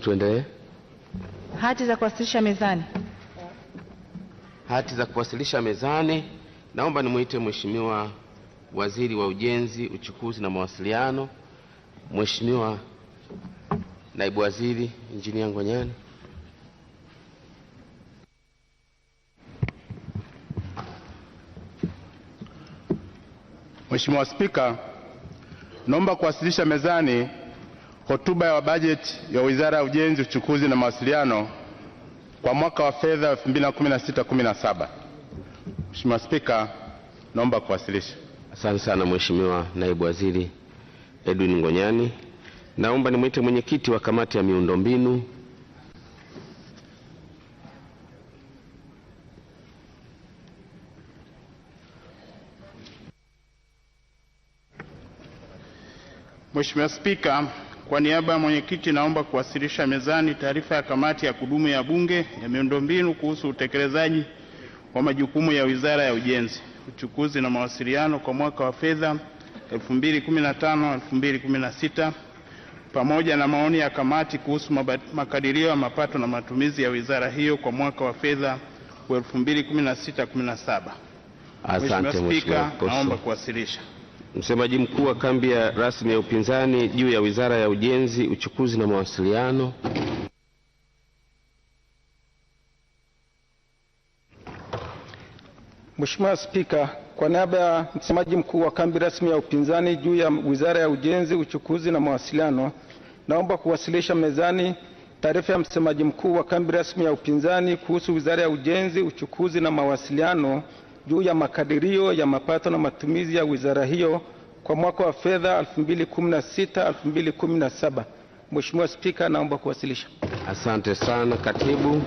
Tuendelee. Hati za kuwasilisha mezani. Hati za kuwasilisha mezani. Naomba nimwite Mheshimiwa Waziri wa Ujenzi, Uchukuzi na Mawasiliano, Mheshimiwa Naibu Waziri Injinia Ngonyani. Mheshimiwa Spika, naomba kuwasilisha mezani Hotuba ya bajeti ya Wizara ya Ujenzi, Uchukuzi na Mawasiliano kwa mwaka wa fedha 2016/17. Mheshimiwa Spika, naomba kuwasilisha. Asante sana Mheshimiwa Naibu Waziri Edwin Ngonyani. Naomba nimwite mwenyekiti wa kamati ya miundombinu Mheshimiwa Spika kwa niaba ya mwenyekiti, naomba kuwasilisha mezani taarifa ya kamati ya kudumu ya Bunge ya miundombinu kuhusu utekelezaji wa majukumu ya Wizara ya Ujenzi, Uchukuzi na Mawasiliano kwa mwaka wa fedha 2015/2016 pamoja na maoni ya kamati kuhusu makadirio ya mapato na matumizi ya wizara hiyo kwa mwaka wa fedha 2016/2017. Mheshimiwa Spika, naomba kuwasilisha. Msemaji mkuu wa kambi ya rasmi ya upinzani juu ya Wizara ya Ujenzi, Uchukuzi na Mawasiliano Mheshimiwa Spika, kwa niaba ya msemaji mkuu wa kambi rasmi ya upinzani juu ya Wizara ya Ujenzi, Uchukuzi na Mawasiliano, naomba kuwasilisha mezani taarifa ya msemaji mkuu wa kambi rasmi ya upinzani kuhusu Wizara ya Ujenzi, Uchukuzi na Mawasiliano juu ya makadirio ya mapato na matumizi ya wizara hiyo kwa mwaka wa fedha 2016 2017. Mheshimiwa Spika, naomba kuwasilisha. Asante sana katibu.